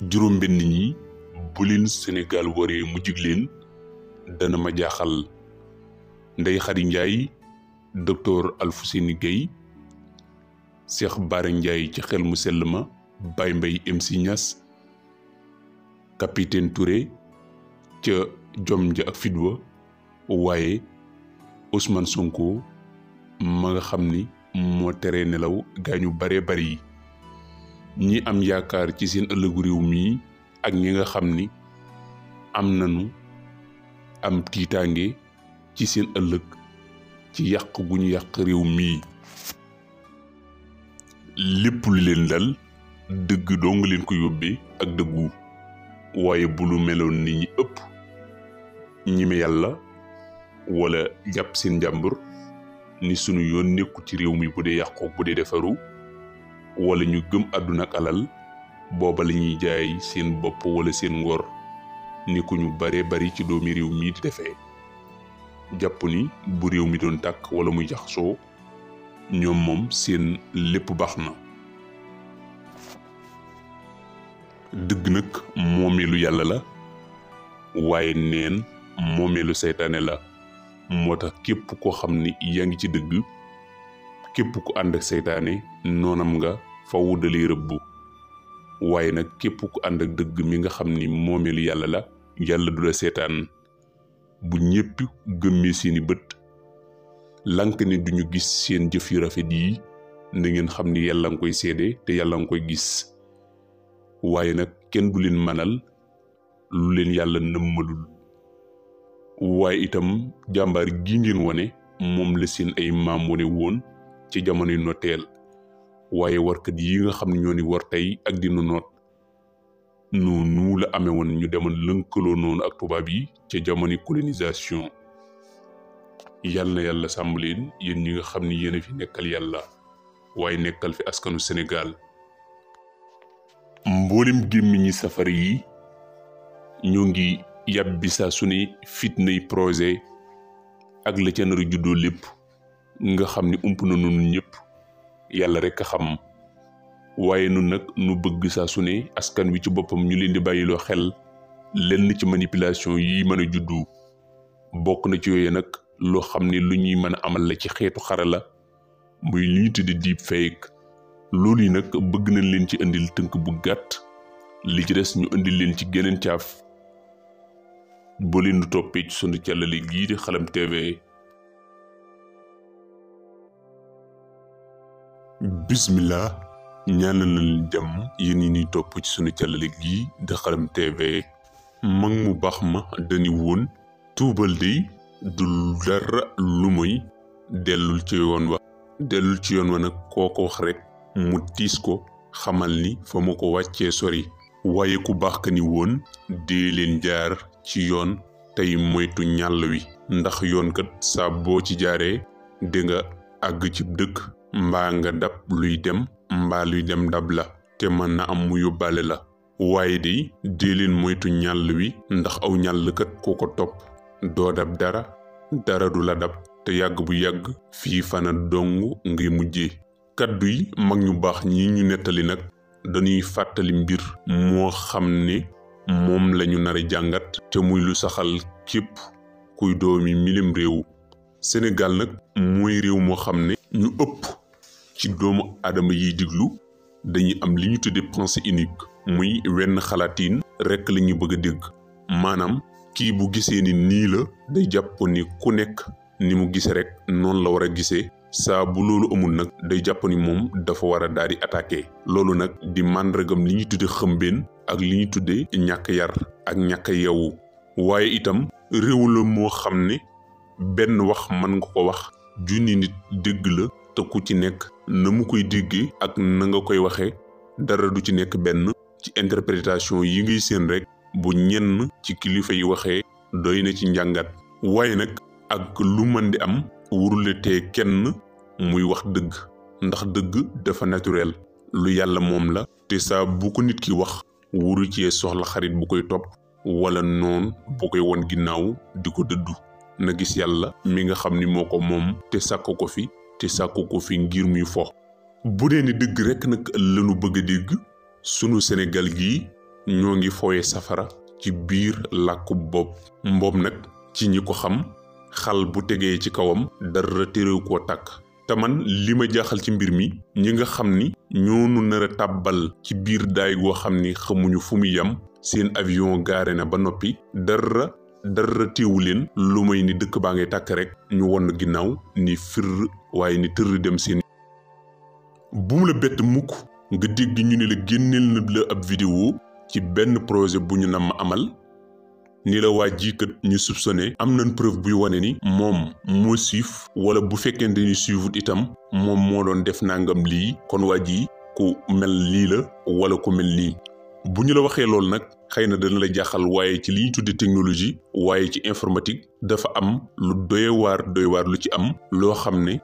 ben nit ñi bu leen sénégal waree mu jig leen dana ma jaaxal ndey xari njaay docteur alfuseni gueye cheikh bare njaay ci xel mu sell ma bay mbay mc nias capitaine touré ca jom ja ak fidwa waaye ousmane sonko ma nga xam ni moo nelaw gaañu bare bari ñii am yaakaar ci seen ëllëgu réew mii ak ñi nga xam ni am nañu am tiitaange ci seen ëllëg ci yàq gu ñu yàq réew mii lépp lu leen dal dëgg doo nga leen ko yóbbee ak dëggu waaye bu lu meloon ni ñi ëpp ñime yàlla wala jàpp seen njàmbur ni sunu yoon nekku ci réew mi bu dee yàqu bu dee defaru wala ñu gëm aduna ak alal boba la ñuy jaay seen bop wala seen ngor ni ku ñu bare bari ci doomi réew mi di defé japp ni bu réew mi doon tak wala muy jaxso ñom mom seen lepp baxna deug nak momelu yalla la waye neen momelu setané la motax képp ci deug képp ko and ak setané nonam nga faw dalay rëbbu waaye nag képp ku ànd ak dëgg mi nga xam ni moomeelu yàlla la yàlla du la seetaan bu ñépp gëmmee seeni bët lank ni duñu gis seen jëf yu rafet yi na ngeen xam ni yàlla nga koy seede te yàlla nga koy gis waaye nag kenn du leen manal lu leen yàlla nëmmalul waaye itam jàmbaar gi ngeen wone moom la seen ay maam wone woon ci jamonoy noteel waaye warkat yi nga xam ne ñoo ni war tey ak dinu noot noonu la amee ñu demoon lënkaloo noonu ak tubaab yi ca jamonoy colonisation yàlla na yàlla sàmm leen yéen ñi nga xam ni yéen a fi nekkal yàlla waaye nekkal fi askanu Sénégal mboolem gémmiñi safari yi ñoo ngi yàbbi saa su ne fitnay projet ak la ca nar juddoo lépp nga xam ni ump na noonu ñëpp yàlla rek a xam waaye nun nag nu bëgg saa sune askan wi ci boppam ñu leen di bàyyiloo xel lenn ci manipulation yi mën a juddu bokk na ci yooyu nag loo xam ni lu ñuy mën a amal la ci xeetu xarala muy li di tuddi deep loolu yi nag bëgg na leen ci indil tënk bu gàtt li ci des ñu indil leen ci geneen caaf boo leen nu toppee sunu càllale gii di xalam TV bismillah ñaan nañ jàmm yéen ñi ñuy topp ci sunu càllale yi di xalam tv mag mu baax ma dañu woon tuubal de du dara lu moy dellul ci yoon wa dellul ci yoon wa nag koo ko wax rek mu tiis ko xamal ni fa ma ko wàccee sori waaye ku baax ka ni woon dee leen jaar ci yoon tey moytu ñàll wi ndax yoon kat saa boo ci jaaree di àgg ci dëkk mbaa nga dab luy dem mbaa luy dem dab la te mën na am mu yóbbaale la waaye de dee moytu ñàll wi ndax aw ñàllkat ku ko topp doo dab dara dara du la dab te yàgg bu yàgg fii fana dong ngay mujjee kaddu mag ñu baax ñi ñu nettali nag dañuy fàttali mbir moo xam ne moom lañu nara jàngat te muy lu saxal képp kuy doomi milim réew Sénégal nag mooy réew moo xam ne ñu ëpp ci doomu aadama yiy diglu dañuy am li ñu tuddee pensée unique muy wenn xalaatiin rekk la ñu bëgg a dégg maanaam kii bu gisee ni nii la day jàpp ni ku nekk ni mu gisee rek noonu la war a gisee saa bu loolu amul nag day jàpp ni moom dafa war a daal di attaqué loolu nag di màndargam li ñuy tuddee xëmbeen ak li ñuy tuddee ñàkk yar ak ñàkk yeewu waaye itam réew la moo xam ne benn wax mën nga ko wax junni nit dégg la te ku ci nekk na mu koy déggee ak na nga koy waxee dara du ci nekk benn ci interprétation yi ngay séen rek bu ñenn ci kilifa yi waxee doy na ci njàngat waaye nag ak lu mën di am wurule tee kenn muy wax dëgg ndax dëgg dafa naturel lu yàlla moom la te saa bu ko nit ki wax wuru cee soxla xarit bu koy topp wala noon bu koy won ginnaaw di ko dëddu na gis yàlla mi nga xam ni moo ko moom te sàkku ko fi te sàkk ko fi ngir muy fo bu dee ni dëgg rekk nag lanu bëgg a dégg sunu Sénégal gii ñoo ngi fooye safara ci biir làkku bopp mboom nag ci ñi ko xam xal bu tegee ci kawam dara téréw koo tàkk te man li ma jaaxal ci mbir mi ñi nga xam ni ñoonu nar a tàbbal ci biir daay goo xam ni xamuñu fu mu yam seen avion gaare na ba noppi dara dara teewu leen lu may ni dëkk baa ngay tàkk rek ñu won ginnaaw ni firr waaye ni tërr dem seen bu mu la bett mukk nga dégg ñu ne la génneel na la ab vidéo ci benn projet bu ñu namm amal ni la waa ji kat ñu soupçonné am na preuve buy wane ni moom moo siif wala bu fekkente ni suivut itam moom moo doon def nangam lii kon waa ji ku mel nii la wala ku mel nii bu ñu la waxee loolu nag xëy na dana la jaaxal waaye ci li ñu tuddee technologie waaye ci informatique dafa am lu doyewaar doyewaar lu ci am loo xam ne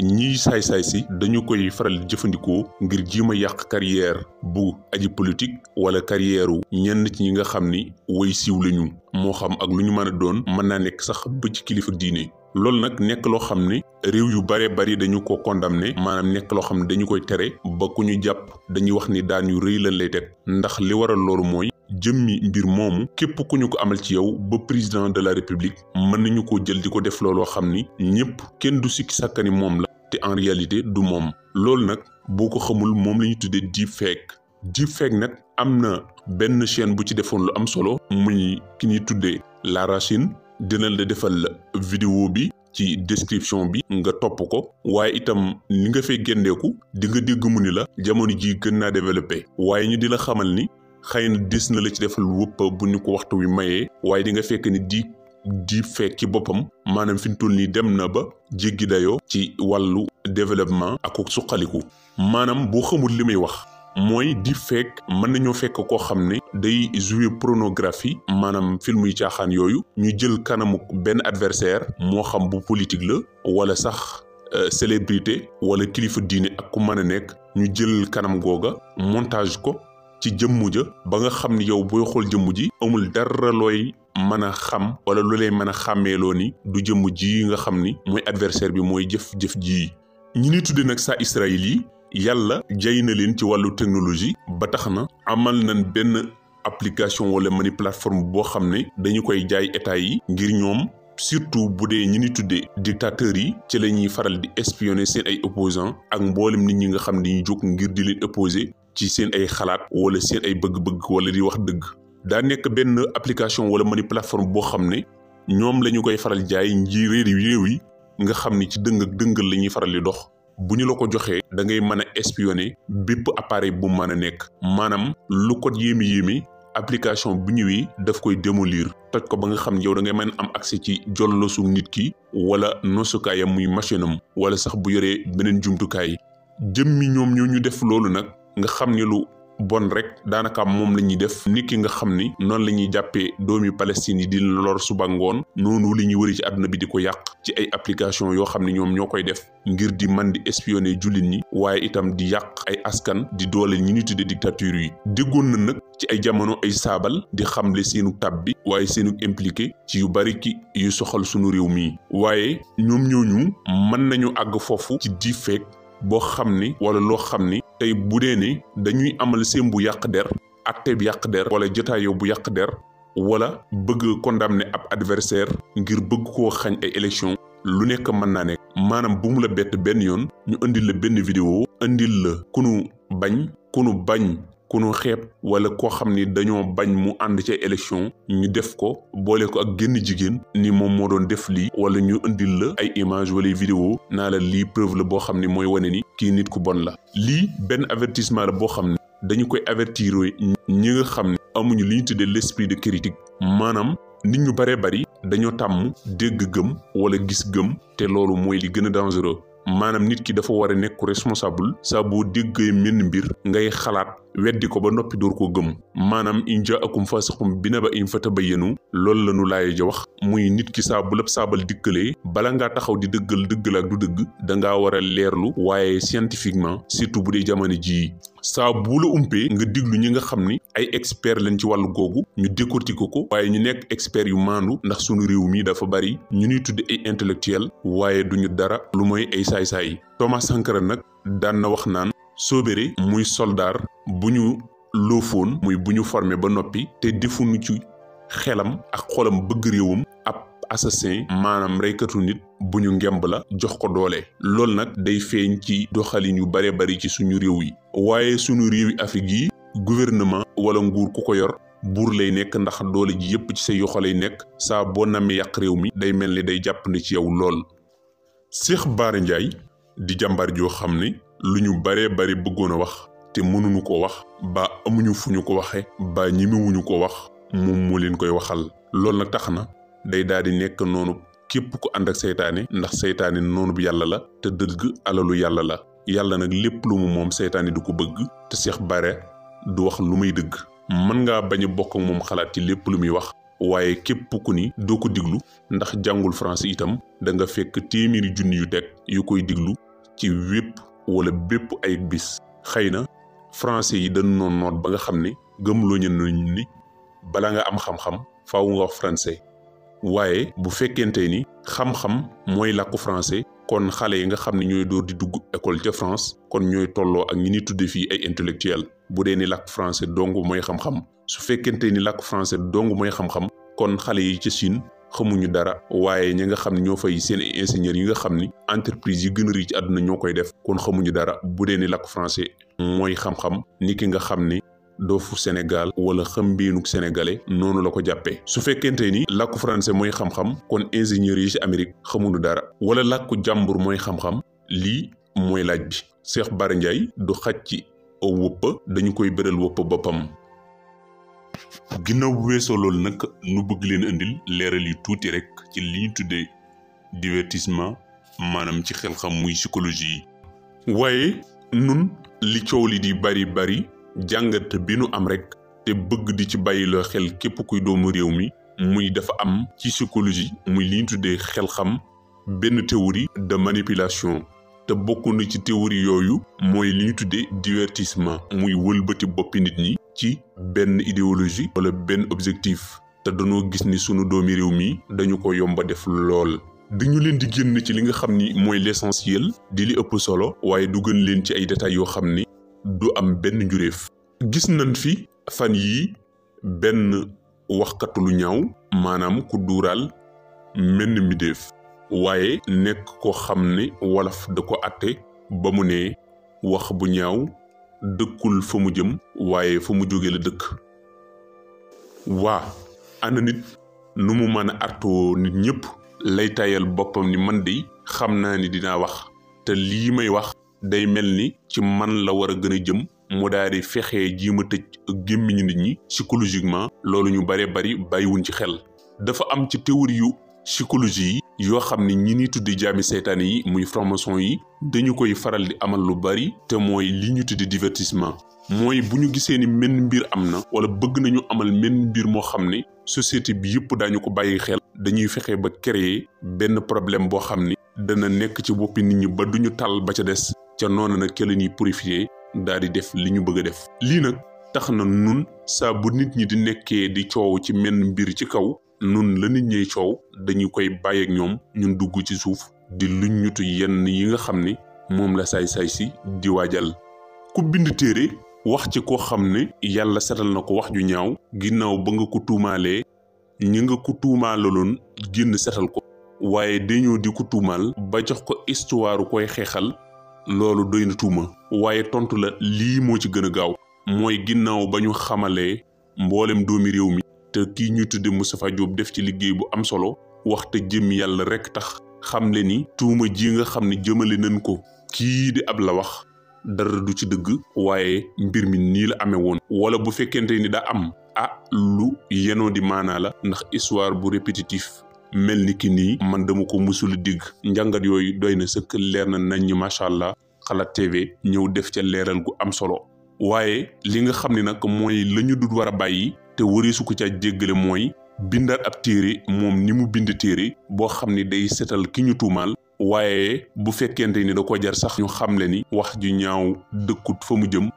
ñiy saay-saay si dañu koy faral di jëfandikoo ngir jéem a yàq carrière bu aji politique wala carrière wu ñenn ci ñi nga xam ni way siiw lañu moo xam ak lu ñu mën a doon mën naa nekk sax ba ci kilifa diine. loolu nag nekk loo xam ne réew yu bare bari dañu ko condamné maanaam nekk loo xam ne dañu koy tere ba ku ñu jàpp dañuy wax ni daan yu rëy lañ lay teg ndax li waral loolu mooy jëmmi mbir moomu képp ku ñu ko amal ci yow ba président de la république mën nañu ko jël di ko def looloo xam ni ñëpp kenn du sikki sàkkani moom la te en réalité du moom loolu nag boo ko xamul moom la ñu tuddee deep feek deep feek nag am na benn chaîne bu ci defoon lu am solo muy ki ñuy tuddee La Racine dinañ la defal vidéo bi ci description bi nga topp ko waaye itam ni nga fay génneeku di nga dégg mu ni la jamono ji gën naa développé waaye ñu di la xamal ni xëy na des na la ci defal wëpp bu ñu ko waxtu wi mayee waaye di nga fekk ni di di fekk ci boppam maanaam fi mu nii dem na ba jéggi dayoo ci wàllu développement ak suqaliku maanaam boo xamul li muy wax mooy di fekk mën nañoo fekk koo xam ni day jouer pornographie maanaam film yu caaxaan yooyu ñu jël kanamu benn adversaire moo xam bu politique la wala sax euh, célébrité wala kilifa diine ak ku mën a nekk ñu jël kanam googa montage ko ci jëmmu ja ba nga xam ne yow booy xool jëmmu ji amul dara looy mën a xam wala lu lay mën a xàmmeeloo ni du jëmm ji nga xam ni mooy adversaire bi mooy jëf-jëf ji ñi ni tudde nag saa Israël yi yàlla jay na leen ci wàllu technologie ba tax na amal na benn application wala mani plateforme boo xam ne dañu koy jaay état yi ngir ñoom surtout bu dee ñi ni tuddee dictateurs yi ci la ñuy faral di espionner seen ay opposants ak mboolem nit ñi nga xam ni ñu jóg ngir di leen opposé ci seen ay xalaat wala seen ay bëgg-bëgg wala di wax dëgg daa nekk benn application wala mani plateforme boo xam ne ñoom la ñu koy faral jaay nji réew yi nga xam ni ci dëng ak la ñuy faral di dox bu ñu la ko joxee dangay ngay mën a espionner bépp appareil bu mën a nekk maanaam lu ko yéemi yéemi application bu ñëwee daf koy démolir toj ko ba nga xam yow da ngay mën am accès ci jollosu nit ki wala nosukaayam muy machine am wala sax bu yoree beneen jumtukaay jëm mi ñoom ñu def loolu nag nga xam ne lu bon rek daanaka moom la ñuy def nit ki nga xam ni noonu la ñuy jàppee doomi Palestine yi di lor suba ngoon noonu li ñuy wëri ci àdduna bi di ko yàq ci ay application yoo xam ne ñoom ñoo koy def ngir di man di espionner jullit ñi waaye itam di yàq ay askan di doole ñi ñu tudde dictature yi déggoon na nag ci ay jamono ay saabal di xam xamle seenu tab bi waaye seenu impliqué ci yu bari ki yu soxal sunu réew mi waaye ñoom ñooñu mën nañu àgg foofu ci di feek boo xam ni wala loo xam ni tey bu dee ne dañuy amal seen bu yàq der atte yàq der wala jotaayoo bu yàq der wala bëgg ne ab adversaire ngir bëgg koo xañ ay élection lu nekk mën naa nekk maanaam bu mu la bett benn yoon ñu indil la benn vidéo indil la kunu bañ kunu bañ ku nu xeeb wala koo xam ni dañoo bañ mu ànd ca élection ñu def ko boole ko ak génn jigéen ni moom moo doon def lii wala ñu indil la ay image wala vidéo naa la lii preuve la boo xam ni mooy wane ni kii nit ku bon la lii benn avertissement la boo xam ne dañu koy avertir ñi xam ne amuñu li ñu tuddee l'esprit de critique maanaam nit ñu baree bari dañoo tàmm dégg gëm wala gis gëm te loolu mooy li gën a dangereux maanaam nit ki dafa war a nekk responsable saa boo déggee menn mbir ngay xalaat weddi ko ba noppi door ko gëm manam in akum fasiqum binaba naba in fatabayyanu loolu la nu laaya ja wax muy nit ki sa bu lëb saabal dikkalee bala nga taxaw di deugal deugal ak du deug da nga wara leerlu waye scientifiquement surtout bu bu nga diglu ñi nga xamni ay expert lañ ci walu gogu ñu décortiquer ko waye ñu nek expert yu mandu ndax suñu réew mi dafa bari ñu ni tudde ay intellectuel waye duñu dara lu moy ay say say Thomas Sankara nak daan na wax naan Sobéré muy soldaar bu ñu loofoon muy bu ñu formé ba noppi te defuñu ci xelam ak xolam bëgg réewam ab assassin maanaam reykatu nit bu ñu ngemb la jox ko doole loolu nag day feeñ ci doxalin yu bare bari ci suñu réew yi waaye suñu réew yi Afrique yi gouvernement wala nguur ku ko yor buur lay nekk ndax doole ji yépp ci sa yoxo lay nekk saa boo namee yàq réew mi day mel ni day jàppandi ci yow lool Cheikh Bara Ndiaye di jàmbaar joo xam ni lu ñu baree bari bëggoon a wax te mënuñu ko wax ba amuñu fu ñu ko waxe ba ñimiwuñu ko wax moom mu leen koy waxal loolu nag tax na day daal di nekk noonu képp ku ànd ak seytaane ndax seytaane noonu yàlla la te dëgg alalu yàlla la yàlla nag lépp lu mu moom seytaane du ko bëgg te Cheikh Bara du wax lu muy dëgg mën ngaa bañ a bokk moom xalaat ci lépp lu muy wax waaye képp ku ni doo ko diglu ndax jàngul français itam da nga fekk téeméeri junni yu teg yu koy diglu ci wépp wala bépp ay bis xëy na français yi dañu noon noot ba nga xam ne gëmloo ñu ni bala nga am xam-xam faaw nga wax français waaye bu fekkente ni xam-xam mooy làkku français kon xale yi nga xam ne ñooy door di dugg école ca France kon ñooy tolloo ak ñi ni tuddee fii ay intellectuel bu dee ni làkk français dong mooy xam-xam su fekkente ni làkk français dong mooy xam-xam kon xale yi ca siin xamuñu dara waaye ñi nga xam ne ñoo fay seen ingénieurs yi nga xam ni entreprise yi gën a ci àdduna ñoo koy def kon xamuñu dara bu dee ni làkk français mooy xam-xam ni ki nga xam ni doofu Sénégal wala xambeenuk sénégalais noonu la ko jàppee su fekkente ni làkku français mooy xam-xam kon ingénieurs yi ci Amérique xamuñu dara wala làkku jàmbur mooy xam-xam lii mooy laaj bi Cheikh Bara Ndiaye du xaj ci wëpp dañu koy bëral wëpp boppam ginnaaw bu weesoo loolu nag nu bëgg leen indil leeral yu tuuti rek ci li ñu tuddee divertissement maanaam ci xel xam muy psychologie yi. waaye nun li coow li di bari bari jàngante bi nu am rek te bëgg di ci bàyyiloo xel képp kuy doomu réew mi muy dafa am ci psychologie muy li ñu tuddee xel xam benn téori de manipulation. te bokk ci théorie yooyu mooy li ñu tuddee divertissement muy wëlbati boppi nit ñi ci benn idéologie wala benn objectif te dañoo gis ni sunu doomi réew mii dañu ko yomba def lool dañu leen di génn ci li nga xam ni mooy l'essentiel di li ëpp solo waaye du gën leen ci ay détails yoo xam ni du am benn njuréef gis nañ fi fan yi benn waxkat lu ñaaw maanaam ku duural menn mi waaye nekk ko xam ni wolof da ko atte ba mu ne wax bu ñaaw dëkkul fa mu jëm waaye fa mu jóge la dëkk waa ana nit nu mu mën a artoo nit ñëpp lay tayal boppam ni man de xam naa ni dinaa wax te lii may wax day mel ni ci man la war a gën a jëm mu daal di fexe ji ma tëj gémmiñu nit ñi psychologiquement loolu ñu bare bari bàyyiwuñ ci xel dafa am ci théorie yu psychologie yi yoo xam ne ñi ni tuddi jaami seytaane yi muy franc yi dañu koy faral di amal lu bari te mooy li ñu tuddi divertisement mooy bu ñu gisee ni menn mbir am na wala bëgg nañu amal menn mbir moo xam ne société bi yëpp daañu ko bàyyi xel dañuy fexe ba créer benn problème boo xam ne dana nekk ci boppi nit ñi ba duñu tal ba ca des ca noonu nag ca la ñuy purifier daal di def li ñu bëgg a def lii nag tax na nun saa bu nit ñi di nekkee di coow ci menn mbir ci kaw nun la nit ñey coow dañu koy bàyyi ñoom ñun dugg ci suuf di luñ ñutu yenn yi nga xam ni moom la saay-saay si di waajal ku bind téere wax ci ko xam ni yàlla setal na ko wax ju ñaaw ginnaaw ba nga ko tuumaalee ñi nga ko tuumaalaloon génn setal ko waaye dañoo di ko tuumaal ba jox ko istuwaaru koy xeexal loolu doy tuuma waaye tontu la lii moo ci gën a gaaw mooy ginnaaw ba ñu xamalee mboolem doomi réew mi te kii ñuy tudde musafa Diop def ci liggéey bu am solo wax te jëm yàlla rek tax xam le ni tuuma ji nga xam ne jëmale nañ ko kii di ab la wax dara du ci dëgg waaye mbir mi nii la amee woon wala bu fekkente ni daa am ah lu yenoo di maanaa la ndax histoire bu répétitif mel ni ki nii man dama ko musul digg njàngat yooyu doy na sëkk leer na nañ ñi macha allah Xalaat TV ñëw def ca leeral gu am solo waaye li nga xam ni nag mooy la ñu dut war a bàyyi te wëreesu ko ca jéggale mooy bindaat ab téere moom ni mu bind téere boo xam ni day setal ki ñu tuumaal waaye bu fekkente ni da ko jar sax ñu xamle ni wax ju ñaaw dëkkut fa mu jëm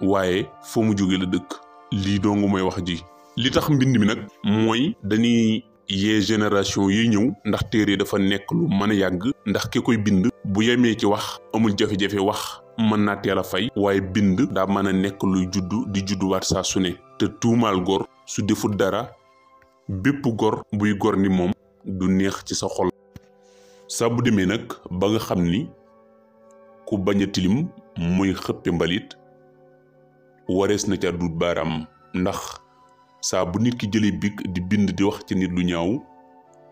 waaye fa mu jóge la dëkk lii dong mooy wax ji li tax mbind mi nag mooy dañuy yee génération yi ñëw ndax téere dafa nekk lu mën a yàgg ndax ki koy bind bu yemee ci wax amul jafe-jafe wax mën na teel fay waaye bind daa mën a nekk juddu di judduwaat saa su ne te tuumaal gor su defut dara bépp gor buy gor ni moom du neex ci sa xol sa bu demee nag ba nga xam ni ku bañ a tilim muy xëppe mbalit warees na ca dut baaraam ndax saa bu nit ki bik di bind di wax ci nit lu ñaaw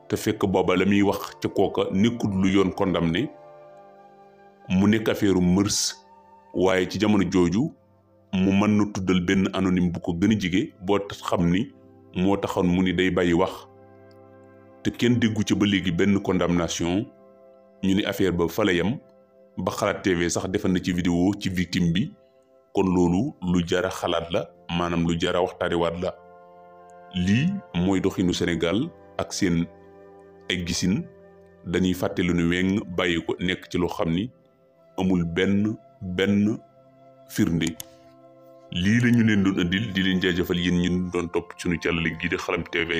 te fekk booba la wax ca kooka nekkut lu yoon condamné mu nekk affaire mërs waye ci jamono Joju? mu man na tuddal benn anonyme bu ko gën a jige boo xam ni moo taxoon mu ni day bàyyi wax te kenn déggu ci ba léegi benn condamnation ñu ni affaire ba fa la yam ba xalaat tv sax defal na ci vidéo ci victime bi kon loolu lu jara xalaat la maanaam lu jara waxtaariwaat la lii mooy doxinu sénégal ak seen ay gisin dañuy fàtte lu weng bàyyi ko nekk ci loo xam ni amul benn benn firnde lii la ñu leen doon indil di leen jaajëfal yéen ñu doon topp suñu càllale gii di xalam TV